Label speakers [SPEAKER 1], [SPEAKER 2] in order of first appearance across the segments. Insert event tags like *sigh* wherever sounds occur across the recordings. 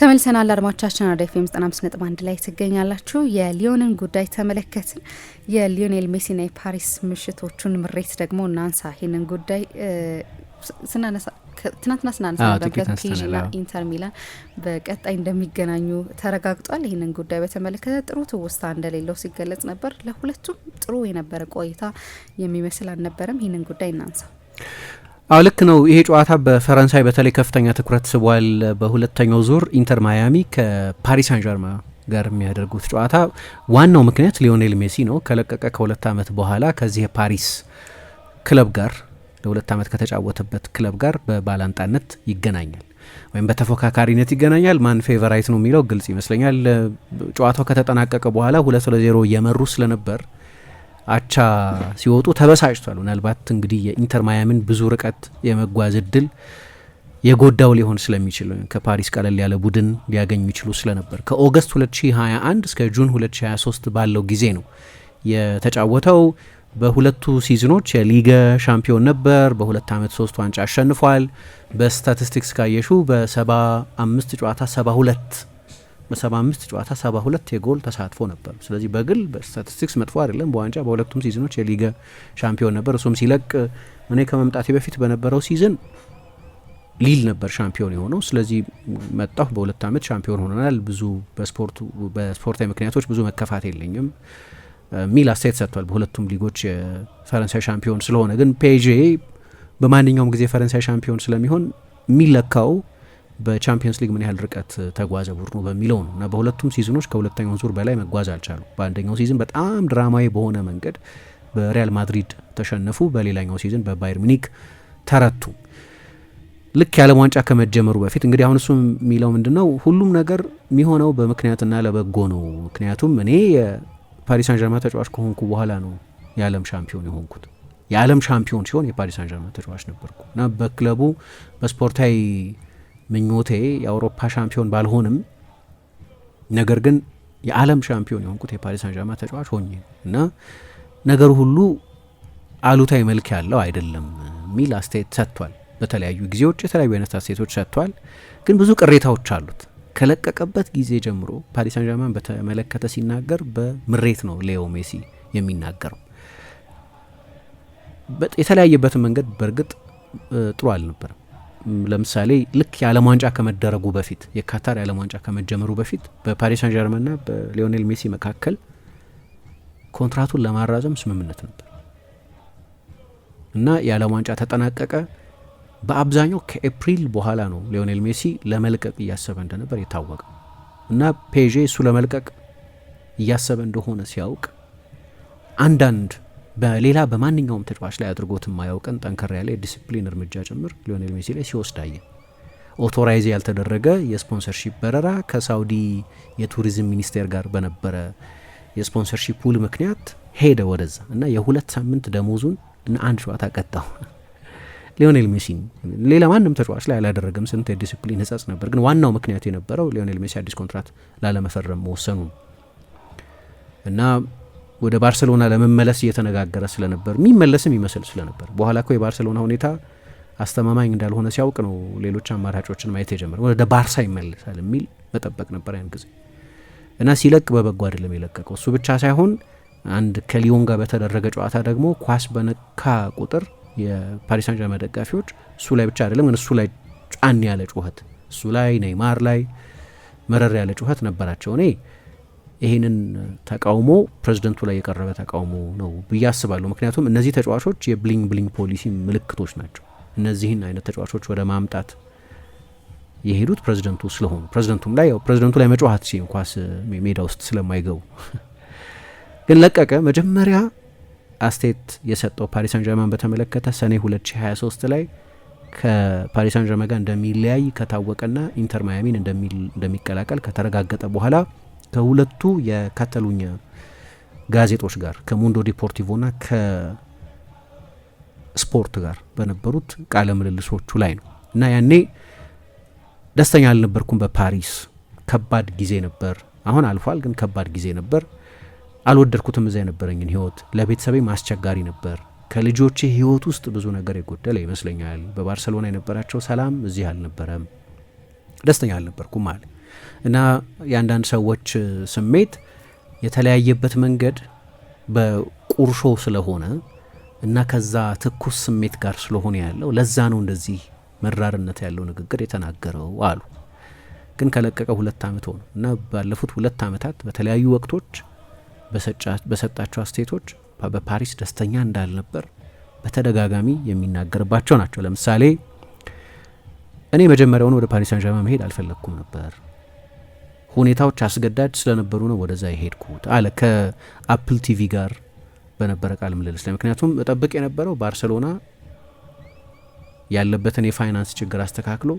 [SPEAKER 1] ተመልሰናል አድማጮቻችን፣ አራዳ ኤፍ ኤም ዘጠና አምስት ነጥብ አንድ ላይ ትገኛላችሁ። የሊዮንን ጉዳይ ተመለከትን። የሊዮኔል ሜሲና የፓሪስ ምሽቶቹን ምሬት ደግሞ እናንሳ። ይህንን ጉዳይ ስናነሳ
[SPEAKER 2] ትናንትና ስናነሳ
[SPEAKER 1] ፔዥና ኢንተር ሚላን በቀጣይ እንደሚገናኙ ተረጋግጧል። ይህንን ጉዳይ በተመለከተ ጥሩ ትውስታ እንደሌለው ሲገለጽ ነበር። ለሁለቱም ጥሩ የነበረ ቆይታ የሚመስል አልነበረም። ይህንን ጉዳይ እናንሳ።
[SPEAKER 2] አዎ ልክ ነው። ይሄ ጨዋታ በፈረንሳይ በተለይ ከፍተኛ ትኩረት ስቧል። በሁለተኛው ዙር ኢንተር ማያሚ ከፓሪስ ሳን ጋር የሚያደርጉት ጨዋታ ዋናው ምክንያት ሊዮኔል ሜሲ ነው። ከለቀቀ ከሁለት ዓመት በኋላ ከዚህ የፓሪስ ክለብ ጋር ለሁለት ዓመት ከተጫወተበት ክለብ ጋር በባላንጣነት ይገናኛል ወይም በተፎካካሪነት ይገናኛል። ማን ፌቨራይት ነው የሚለው ግልጽ ይመስለኛል። ጨዋታው ከተጠናቀቀ በኋላ ሁለት ለዜሮ እየመሩ ስለነበር አቻ ሲወጡ ተበሳጭቷል። ምናልባት እንግዲህ የኢንተር ማያምን ብዙ ርቀት የመጓዝ እድል የጎዳው ሊሆን ስለሚችል ከፓሪስ ቀለል ያለ ቡድን ሊያገኙ ይችሉ ስለነበር ከኦገስት 2021 እስከ ጁን 2023 ባለው ጊዜ ነው የተጫወተው። በሁለቱ ሲዝኖች የሊገ ሻምፒዮን ነበር። በሁለት ዓመት ሶስት ዋንጫ አሸንፏል። በስታቲስቲክስ ካየሹ በ75 ጨዋታ 72 በ አምስት ጨዋታ ሁለት የጎል ተሳትፎ ነበር። ስለዚህ በግል በስታቲስቲክስ መጥፎ አይደለም። በዋንጫ በሁለቱም ሲዝኖች የሊገ ሻምፒዮን ነበር። እሱም ሲለቅ እኔ ከመምጣቴ በፊት በነበረው ሲዝን ሊል ነበር ሻምፒዮን የሆነው። ስለዚህ መጣሁ፣ በሁለት ዓመት ሻምፒዮን ሆነናል። ብዙ በስፖርታዊ ምክንያቶች ብዙ መከፋት የለኝም ሚል አስተያየት ሰጥቷል። በሁለቱም ሊጎች የፈረንሳይ ሻምፒዮን ስለሆነ ግን ፔጄ በማንኛውም ጊዜ ፈረንሳይ ሻምፒዮን ስለሚሆን የሚለካው በቻምፒየንስ ሊግ ምን ያህል ርቀት ተጓዘ ቡድኑ በሚለው ነው እና በሁለቱም ሲዝኖች ከሁለተኛው ዙር በላይ መጓዝ አልቻሉ። በአንደኛው ሲዝን በጣም ድራማዊ በሆነ መንገድ በሪያል ማድሪድ ተሸነፉ። በሌላኛው ሲዝን በባየር ሚኒክ ተረቱ። ልክ የዓለም ዋንጫ ከመጀመሩ በፊት እንግዲህ አሁን እሱ የሚለው ምንድን ነው? ሁሉም ነገር የሚሆነው በምክንያትና ለበጎ ነው። ምክንያቱም እኔ የፓሪስ ጀርማ ተጫዋች ከሆንኩ በኋላ ነው የዓለም ሻምፒዮን የሆንኩት። የዓለም ሻምፒዮን ሲሆን የፓሪስ ጀርማ ተጫዋች ነበርኩ እና በክለቡ በስፖርታዊ ምኞቴ የአውሮፓ ሻምፒዮን ባልሆንም ነገር ግን የዓለም ሻምፒዮን የሆንኩት የፓሪስ አንዣማ ተጫዋች ሆኜ ነው እና ነገሩ ሁሉ አሉታዊ መልክ ያለው አይደለም የሚል አስተያየት ሰጥቷል። በተለያዩ ጊዜዎች የተለያዩ አይነት አስተያየቶች ሰጥቷል። ግን ብዙ ቅሬታዎች አሉት። ከለቀቀበት ጊዜ ጀምሮ ፓሪስ አንዣማን በተመለከተ ሲናገር በምሬት ነው ሌዮ ሜሲ የሚናገረው። የተለያየበትን መንገድ በእርግጥ ጥሩ አልነበረም። ለምሳሌ ልክ የዓለም ዋንጫ ከመደረጉ በፊት የካታር የዓለም ዋንጫ ከመጀመሩ በፊት በፓሪስ ሳን ጀርመንና በሊዮኔል ሜሲ መካከል ኮንትራቱን ለማራዘም ስምምነት ነበር እና የዓለም ዋንጫ ተጠናቀቀ። በአብዛኛው ከኤፕሪል በኋላ ነው ሊዮኔል ሜሲ ለመልቀቅ እያሰበ እንደነበር የታወቀ እና ፔዤ እሱ ለመልቀቅ እያሰበ እንደሆነ ሲያውቅ አንዳንድ በሌላ በማንኛውም ተጫዋች ላይ አድርጎት የማያውቀን ጠንከር ያለ የዲሲፕሊን እርምጃ ጭምር ሊዮኔል ሜሲ ላይ ሲወስድ አየ። ኦቶራይዝ ያልተደረገ የስፖንሰርሺፕ በረራ ከሳውዲ የቱሪዝም ሚኒስቴር ጋር በነበረ የስፖንሰርሺፕ ውል ምክንያት ሄደ ወደዛ እና የሁለት ሳምንት ደሞዙን እና አንድ ጨዋታ ቀጣው። ሊዮኔል ሜሲን ሌላ ማንም ተጫዋች ላይ አላደረገም። ስንት የዲሲፕሊን ሕጸጽ ነበር። ግን ዋናው ምክንያት የነበረው ሊዮኔል ሜሲ አዲስ ኮንትራት ላለመፈረም መወሰኑ እና ወደ ባርሴሎና ለመመለስ እየተነጋገረ ስለነበር የሚመለስም ይመስል ስለነበር በኋላ ኮ የባርሴሎና ሁኔታ አስተማማኝ እንዳልሆነ ሲያውቅ ነው ሌሎች አማራጮችን ማየት የጀመረው። ወደ ባርሳ ይመለሳል የሚል መጠበቅ ነበር ያን ጊዜ እና ሲለቅ በበጎ አይደለም የለቀቀው። እሱ ብቻ ሳይሆን አንድ ከሊዮን ጋር በተደረገ ጨዋታ ደግሞ ኳስ በነካ ቁጥር የፓሪስ ሳን ጀርመን ደጋፊዎች እሱ ላይ ብቻ አይደለም ግን እሱ ላይ ጫን ያለ ጩኸት፣ እሱ ላይ ነይማር ላይ መረር ያለ ጩኸት ነበራቸው። እኔ ይህንን ተቃውሞ ፕሬዝደንቱ ላይ የቀረበ ተቃውሞ ነው ብዬ አስባለሁ። ምክንያቱም እነዚህ ተጫዋቾች የብሊንግ ብሊንግ ፖሊሲ ምልክቶች ናቸው። እነዚህን አይነት ተጫዋቾች ወደ ማምጣት የሄዱት ፕሬዝደንቱ ስለሆኑ ፕሬዝደንቱም ላይ ፕሬዝደንቱ ላይ መጫዋት ሲ ኳስ ሜዳ ውስጥ ስለማይገቡ *laughs* ግን ለቀቀ መጀመሪያ አስቴት የሰጠው ፓሪስ ሳን ጀርማን በተመለከተ ሰኔ 2023 ላይ ከፓሪስ ሳን ጀርማን ጋር እንደሚለያይ ከታወቀና ኢንተር ማያሚን እንደሚቀላቀል ከተረጋገጠ በኋላ ከሁለቱ የካታሉኛ ጋዜጦች ጋር ዲፖርቲቮ ና ከስፖርት ጋር በነበሩት ቃለ ምልልሶቹ ላይ ነው እና ያኔ ደስተኛ አልነበርኩም። በፓሪስ ከባድ ጊዜ ነበር። አሁን አልፏል፣ ግን ከባድ ጊዜ ነበር። አልወደድኩትም እዛ የነበረኝን ህይወት። ለቤተሰቤም አስቸጋሪ ነበር። ከልጆቼ ህይወት ውስጥ ብዙ ነገር የጎደለ ይመስለኛል። በባርሰሎና የነበራቸው ሰላም እዚህ አልነበረም። ደስተኛ አልነበርኩም አለ። እና የአንዳንድ ሰዎች ስሜት የተለያየበት መንገድ በቁርሾ ስለሆነ እና ከዛ ትኩስ ስሜት ጋር ስለሆነ ያለው ለዛ ነው እንደዚህ መራርነት ያለው ንግግር የተናገረው አሉ። ግን ከለቀቀ ሁለት ዓመት ሆነ እና ባለፉት ሁለት ዓመታት በተለያዩ ወቅቶች በሰጣቸው አስተያየቶች በፓሪስ ደስተኛ እንዳልነበር በተደጋጋሚ የሚናገርባቸው ናቸው። ለምሳሌ እኔ መጀመሪያውን ወደ ፓሪስ አንዣማ መሄድ አልፈለግኩም ነበር ሁኔታዎች አስገዳጅ ስለነበሩ ነው ወደዛ የሄድኩት አለ ከአፕል ቲቪ ጋር በነበረ ቃለ ምልልስ ላይ። ምክንያቱም እጠብቅ የነበረው ባርሴሎና ያለበትን የፋይናንስ ችግር አስተካክሎ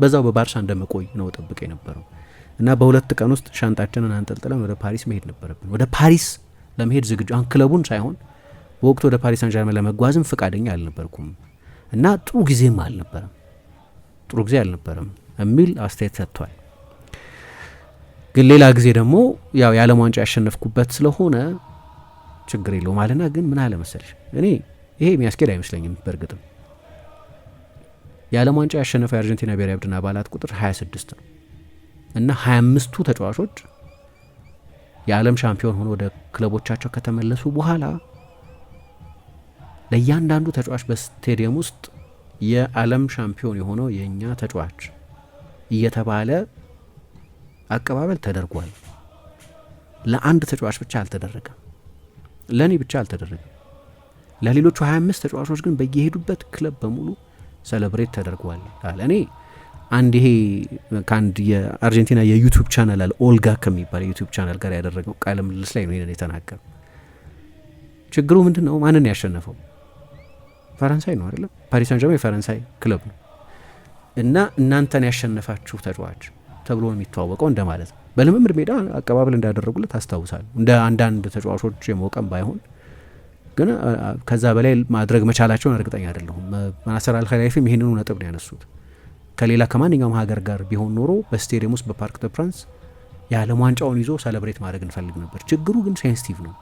[SPEAKER 2] በዛው በባርሳ እንደመቆይ ነው እጠብቅ የነበረው እና በሁለት ቀን ውስጥ ሻንጣችንን አንጠልጥለን ወደ ፓሪስ መሄድ ነበረብን። ወደ ፓሪስ ለመሄድ ዝግጁ አሁን ክለቡን ሳይሆን በወቅቱ ወደ ፓሪስ ሳንጀርመን ለመጓዝም ፈቃደኛ አልነበርኩም እና ጥሩ ጊዜም አልነበረም ጥሩ ጊዜ አልነበረም የሚል አስተያየት ሰጥቷል። ግን ሌላ ጊዜ ደግሞ ያው የዓለም ዋንጫ ያሸነፍኩበት ስለሆነ ችግር የለውም አለና ግን ምን አለ መሰለሽ እኔ ይሄ የሚያስኬድ አይመስለኝም። በእርግጥም የዓለም ዋንጫ ያሸነፈ የአርጀንቲና ብሔራዊ ቡድን አባላት ቁጥር 26 ነው እና 25ቱ ተጫዋቾች የዓለም ሻምፒዮን ሆኖ ወደ ክለቦቻቸው ከተመለሱ በኋላ ለእያንዳንዱ ተጫዋች በስቴዲየም ውስጥ የዓለም ሻምፒዮን የሆነው የእኛ ተጫዋች እየተባለ አቀባበል ተደርጓል። ለአንድ ተጫዋች ብቻ አልተደረገም። ለእኔ ብቻ አልተደረገም። ለሌሎቹ 25 ተጫዋቾች ግን በየሄዱበት ክለብ በሙሉ ሰለብሬት ተደርጓል። እኔ አንድ ይሄ ከአንድ የአርጀንቲና የዩቱብ ቻናል አለ ኦልጋ ከሚባል የዩቱብ ቻናል ጋር ያደረገው ቃለ ምልልስ ላይ ነው ይህንን የተናገሩ። ችግሩ ምንድን ነው? ማንን ያሸነፈው? ፈረንሳይ ነው አይደለም? ፓሪስ ሳን የፈረንሳይ ክለብ ነው እና እናንተን ያሸነፋችሁ ተጫዋች ተብሎ ነው የሚተዋወቀው እንደማለት ነው። በልምምድ ሜዳ አቀባበል እንዳደረጉለት አስታውሳለሁ። እንደ አንዳንድ ተጫዋቾች የሞቀም ባይሆን ግን ከዛ በላይ ማድረግ መቻላቸውን እርግጠኛ አይደለሁም። ናስር አልኸላይፊም ይህንኑ ነጥብ ነው ያነሱት። ከሌላ ከማንኛውም ሀገር ጋር ቢሆን ኖሮ በስቴዲየም ውስጥ በፓርክ ደ ፕራንስ የዓለም ዋንጫውን ይዞ ሰለብሬት ማድረግ እንፈልግ ነበር። ችግሩ ግን ሴንሲቲቭ ነው።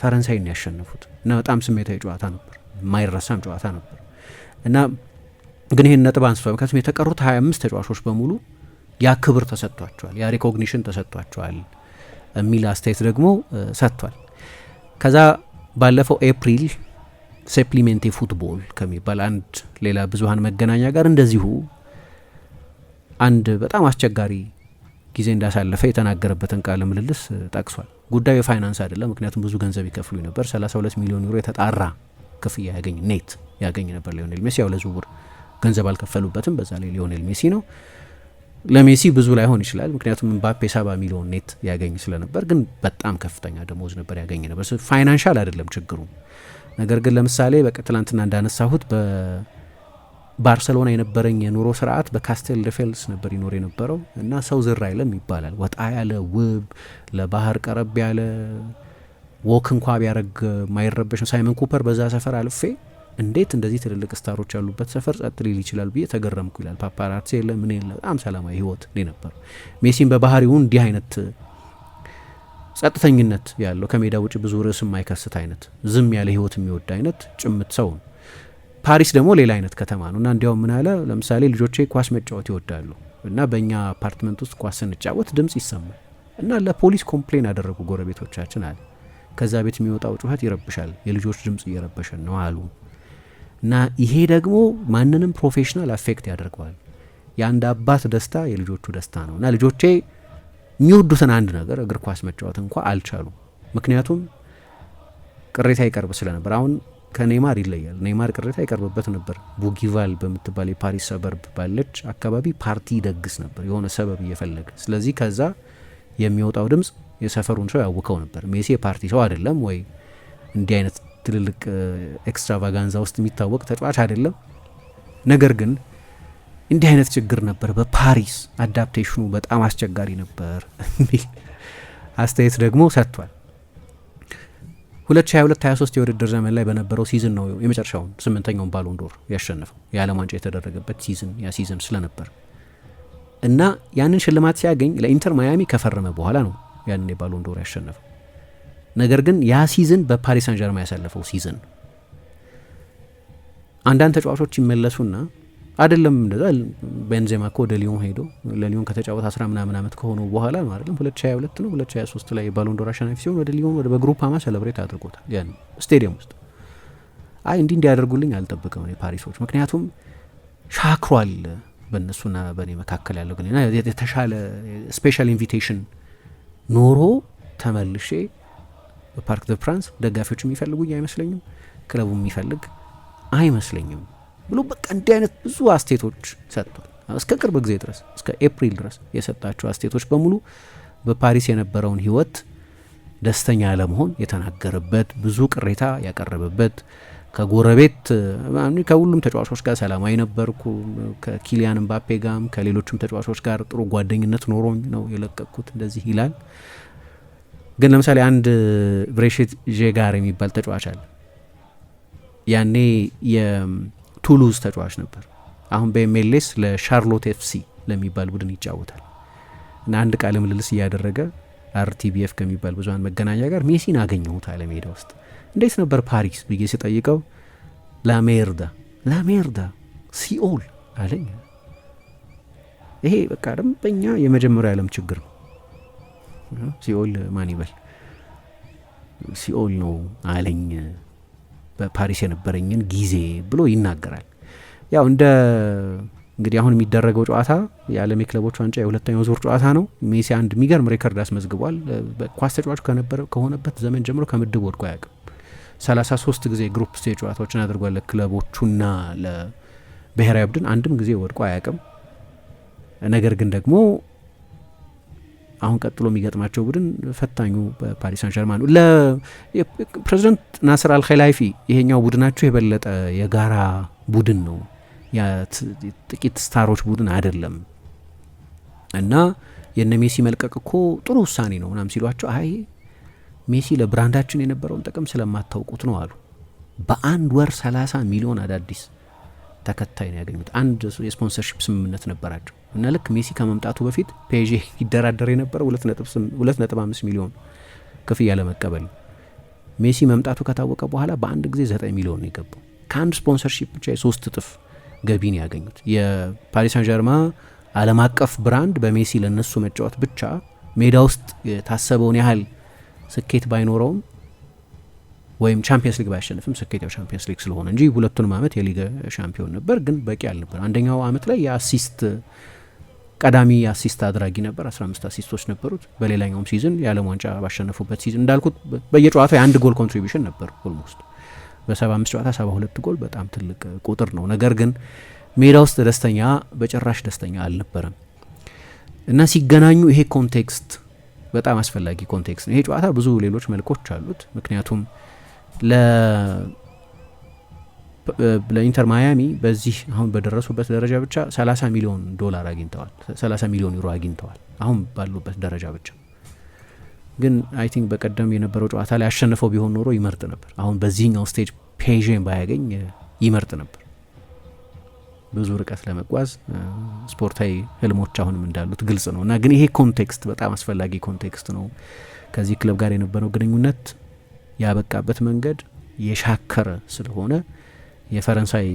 [SPEAKER 2] ፈረንሳይን ያሸነፉት እና በጣም ስሜታዊ ጨዋታ ነበር፣ የማይረሳም ጨዋታ ነበር እና ግን ይህን ነጥብ አንስቷል። ምክንያቱም የተቀሩት 25 ተጫዋቾች በሙሉ ያ ክብር ተሰጥቷቸዋል፣ ያ ሪኮግኒሽን ተሰጥቷቸዋል የሚል አስተያየት ደግሞ ሰጥቷል። ከዛ ባለፈው ኤፕሪል ሴፕሊሜንቴ ፉትቦል ከሚባል አንድ ሌላ ብዙሀን መገናኛ ጋር እንደዚሁ አንድ በጣም አስቸጋሪ ጊዜ እንዳሳለፈ የተናገረበትን ቃለ ምልልስ ጠቅሷል። ጉዳዩ የፋይናንስ አይደለም፣ ምክንያቱም ብዙ ገንዘብ ይከፍሉ ነበር። 32 ሚሊዮን ዩሮ የተጣራ ክፍያ ያገኝ ኔት ያገኝ ነበር ሊዮኔል ሜሲ። ያው ለዝውውር ገንዘብ አልከፈሉበትም። በዛ ላይ ሊዮኔል ሜሲ ነው። ለሜሲ ብዙ ላይሆን ይችላል፣ ምክንያቱም ምባፔ ሰባ ሚሊዮን ኔት ያገኝ ስለነበር፣ ግን በጣም ከፍተኛ ደሞዝ ነበር ያገኝ ነበር። ፋይናንሻል አይደለም ችግሩ። ነገር ግን ለምሳሌ በቃ ትላንትና እንዳነሳሁት በባርሰሎና የነበረኝ የኑሮ ስርዓት በካስቴል ደፌልስ ነበር ይኖር የነበረው እና ሰው ዝር አይለም ይባላል። ወጣ ያለ ውብ፣ ለባህር ቀረብ ያለ ወክ እንኳ ቢያደረግ ማይረበሽ ነው። ሳይመን ኩፐር በዛ ሰፈር አልፌ እንዴት እንደዚህ ትልልቅ ስታሮች ያሉበት ሰፈር ጸጥ ሊል ይችላል ብዬ ተገረምኩ ይላል። ፓፓራሲ የለ ምን የለ በጣም ሰላማዊ ህይወት ነው የነበረው። ሜሲን በባህሪው እንዲህ አይነት ጸጥተኝነት ያለው ከሜዳ ውጭ ብዙ ርዕስ የማይከስት አይነት ዝም ያለ ህይወት የሚወድ አይነት ጭምት ሰው ነው። ፓሪስ ደግሞ ሌላ አይነት ከተማ ነው እና እንዲያውም ምን አለ ለምሳሌ ልጆቼ ኳስ መጫወት ይወዳሉ እና በእኛ አፓርትመንት ውስጥ ኳስ ስንጫወት ድምፅ ይሰማል እና ለፖሊስ ኮምፕሌን ያደረጉ ጎረቤቶቻችን አለ ከዛ ቤት የሚወጣው ጩኸት ይረብሻል፣ የልጆች ድምፅ እየረበሸን ነው አሉ። እና ይሄ ደግሞ ማንንም ፕሮፌሽናል አፌክት ያደርገዋል። የአንድ አባት ደስታ የልጆቹ ደስታ ነው እና ልጆቼ የሚወዱትን አንድ ነገር እግር ኳስ መጫወት እንኳ አልቻሉም። ምክንያቱም ቅሬታ ይቀርብ ስለነበር አሁን ከኔይማር ይለያል። ኔይማር ቅሬታ ይቀርብበት ነበር። ቡጊቫል በምትባል የፓሪስ ሰበርብ ባለች አካባቢ ፓርቲ ይደግስ ነበር የሆነ ሰበብ እየፈለገ ስለዚህ ከዛ የሚወጣው ድምፅ የሰፈሩን ሰው ያውከው ነበር። ሜሲ የፓርቲ ሰው አይደለም ወይ እንዲህ አይነት ትልልቅ ኤክስትራቫጋንዛ ውስጥ የሚታወቅ ተጫዋች አይደለም። ነገር ግን እንዲህ አይነት ችግር ነበር በፓሪስ አዳፕቴሽኑ በጣም አስቸጋሪ ነበር የሚል አስተያየት ደግሞ ሰጥቷል። 2022/23 የውድድር ዘመን ላይ በነበረው ሲዝን ነው የመጨረሻውን ስምንተኛውን ባሎን ዶር ያሸነፈው የዓለም ዋንጫ የተደረገበት ሲዝን ያ ሲዝን ስለነበር እና ያንን ሽልማት ሲያገኝ ለኢንተር ማያሚ ከፈረመ በኋላ ነው ያንን የባሎን ዶር ያሸነፈው። ነገር ግን ያ ሲዝን በፓሪስ ሳን ጀርማ ያሳለፈው ሲዝን አንዳንድ ተጫዋቾች ይመለሱና አይደለም እንደዛ ቤንዜማ ኮ ወደ ሊዮን ሄዶ ለሊዮን ከተጫወተ አስራ ምናምን ዓመት ከሆኑ በኋላ ማለትም ሁለት ሺ ሀያ ሁለት ነው ሁለት ሺ ሀያ ሶስት ላይ ባሎንዶር አሸናፊ ሲሆን ወደ ሊዮን ወደ በግሩፓማ ሰለብሬት አድርጎታል። ያን ስቴዲየም ውስጥ አይ እንዲህ እንዲያደርጉልኝ አልጠብቅም የፓሪሶች ምክንያቱም ሻክሯል በእነሱና በእኔ መካከል ያለው ግን የተሻለ ስፔሻል ኢንቪቴሽን ኖሮ ተመልሼ በፓርክ ደ ፕራንስ ደጋፊዎች የሚፈልጉኝ አይመስለኝም፣ ክለቡ የሚፈልግ አይመስለኝም ብሎ በቃ እንዲህ አይነት ብዙ አስቴቶች ሰጥቷል። እስከ ቅርብ ጊዜ ድረስ እስከ ኤፕሪል ድረስ የሰጣቸው አስቴቶች በሙሉ በፓሪስ የነበረውን ህይወት ደስተኛ ለመሆን የተናገረበት ብዙ ቅሬታ ያቀረበበት ከጎረቤት ከሁሉም ተጫዋቾች ጋር ሰላማዊ ነበርኩ፣ ከኪሊያን ምባፔ ጋም ከሌሎችም ተጫዋቾች ጋር ጥሩ ጓደኝነት ኖሮኝ ነው የለቀቅኩት እንደዚህ ይላል። ግን ለምሳሌ አንድ ብሬሽት ዤጋር የሚባል ተጫዋች አለ። ያኔ የቱሉዝ ተጫዋች ነበር። አሁን በኤምኤልኤስ ለሻርሎት ኤፍሲ ለሚባል ቡድን ይጫወታል እና አንድ ቃለ ምልልስ እያደረገ አርቲቢኤፍ ከሚባል ብዙሀን መገናኛ ጋር ሜሲን አገኘሁት አለ ሜዳ ውስጥ። እንዴት ነበር ፓሪስ ብዬ ስጠይቀው ላሜርዳ ላሜርዳ ሲኦል አለኝ። ይሄ በቃ ደንበኛ የመጀመሪያ ዓለም ችግር ነው። ሲኦል ማን ይበል ሲኦል ነው አለኝ በፓሪስ የነበረኝን ጊዜ ብሎ ይናገራል። ያው እንደ እንግዲህ አሁን የሚደረገው ጨዋታ የዓለም የክለቦች ዋንጫ የሁለተኛው ዙር ጨዋታ ነው። ሜሲ አንድ የሚገርም ሬከርድ አስመዝግቧል። ኳስ ተጫዋች ከነበረ ከሆነበት ዘመን ጀምሮ ከምድብ ወድቆ አያውቅም። 33 ጊዜ ግሩፕ ስቴጅ ጨዋታዎችን አድርጓል። ለክለቦቹና ለብሔራዊ ቡድን አንድም ጊዜ ወድቆ አያውቅም። ነገር ግን ደግሞ አሁን ቀጥሎ የሚገጥማቸው ቡድን ፈታኙ በፓሪስ ሳን ጀርማ ነው። ለፕሬዚደንት ናስር አልኸላይፊ ይሄኛው ቡድናቸው የበለጠ የጋራ ቡድን ነው፣ ጥቂት ስታሮች ቡድን አይደለም እና የነ ሜሲ መልቀቅ እኮ ጥሩ ውሳኔ ነው ምናም ሲሏቸው አይ ሜሲ ለብራንዳችን የነበረውን ጥቅም ስለማታውቁት ነው አሉ። በአንድ ወር 30 ሚሊዮን አዳዲስ ተከታይ ነው ያገኙት። አንድ የስፖንሰርሽፕ ስምምነት ነበራቸው እና ልክ ሜሲ ከመምጣቱ በፊት ፔዤ ይደራደር የነበረ ሁለት ነጥብ አምስት ሚሊዮን ክፍያ ለመቀበል ሜሲ መምጣቱ ከታወቀ በኋላ በአንድ ጊዜ ዘጠኝ ሚሊዮን የገባው። ከአንድ ስፖንሰርሺፕ ብቻ የሶስት እጥፍ ገቢን ያገኙት። የፓሪስ ሳን ጀርማ ዓለም አቀፍ ብራንድ በሜሲ ለነሱ መጫወት ብቻ ሜዳ ውስጥ የታሰበውን ያህል ስኬት ባይኖረውም ወይም ቻምፒየንስ ሊግ ባያሸንፍም ስኬት ያው ቻምፒየንስ ሊግ ስለሆነ እንጂ ሁለቱንም አመት የሊግ ሻምፒዮን ነበር፣ ግን በቂ አልነበር። አንደኛው አመት ላይ የአሲስት ቀዳሚ አሲስት አድራጊ ነበር። 15 አሲስቶች ነበሩት። በሌላኛውም ሲዝን የዓለም ዋንጫ ባሸነፉበት ሲዝን እንዳልኩት በየጨዋታው የአንድ ጎል ኮንትሪቢሽን ነበር። ኦልሞስት በ75 ጨዋታ 72 ጎል በጣም ትልቅ ቁጥር ነው። ነገር ግን ሜዳ ውስጥ ደስተኛ በጭራሽ ደስተኛ አልነበረም እና ሲገናኙ ይሄ ኮንቴክስት በጣም አስፈላጊ ኮንቴክስት ነው። ይሄ ጨዋታ ብዙ ሌሎች መልኮች አሉት። ምክንያቱም ለኢንተር ማያሚ በዚህ አሁን በደረሱበት ደረጃ ብቻ 30 ሚሊዮን ዶላር አግኝተዋል፣ 30 ሚሊዮን ዩሮ አግኝተዋል። አሁን ባሉበት ደረጃ ብቻ ግን አይ ቲንክ በቀደም የነበረው ጨዋታ ላይ አሸንፈው ቢሆን ኖሮ ይመርጥ ነበር። አሁን በዚህኛው ስቴጅ ፔዥን ባያገኝ ይመርጥ ነበር። ብዙ ርቀት ለመጓዝ ስፖርታዊ ህልሞች አሁንም እንዳሉት ግልጽ ነው እና ግን ይሄ ኮንቴክስት በጣም አስፈላጊ ኮንቴክስት ነው። ከዚህ ክለብ ጋር የነበረው ግንኙነት ያበቃበት መንገድ የሻከረ ስለሆነ የፈረንሳይ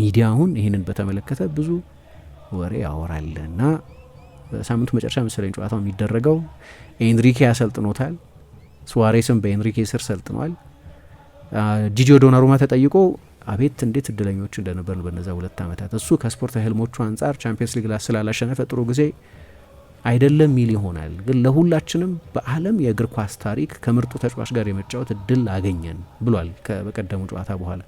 [SPEAKER 2] ሚዲያ አሁን ይህንን በተመለከተ ብዙ ወሬ ያወራል እና በሳምንቱ መጨረሻ መሰለኝ ጨዋታው የሚደረገው ኤንሪኬ ያሰልጥኖታል። ስዋሬስም በኤንሪኬ ስር ሰልጥኗል። ጂጂዮ ዶናሩማ ተጠይቆ አቤት እንዴት እድለኞች እንደነበርን በነዛ ሁለት ዓመታት እሱ ከስፖርት ህልሞቹ አንጻር ቻምፒየንስ ሊግ ስላላሸነፈ ጥሩ ጊዜ አይደለም ሚል ይሆናል። ግን ለሁላችንም በዓለም የእግር ኳስ ታሪክ ከምርጡ ተጫዋች ጋር የመጫወት እድል አገኘን ብሏል በቀደሙ ጨዋታ በኋላ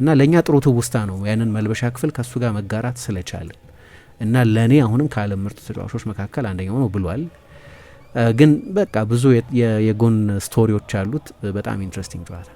[SPEAKER 2] እና ለእኛ ጥሩ ትውስታ ነው ያንን መልበሻ ክፍል ከእሱ ጋር መጋራት ስለቻልን እና ለእኔ አሁንም ከዓለም ምርጡ ተጫዋቾች መካከል አንደኛው ነው ብሏል። ግን በቃ ብዙ የጎን ስቶሪዎች አሉት። በጣም ኢንትረስቲንግ ጨዋታ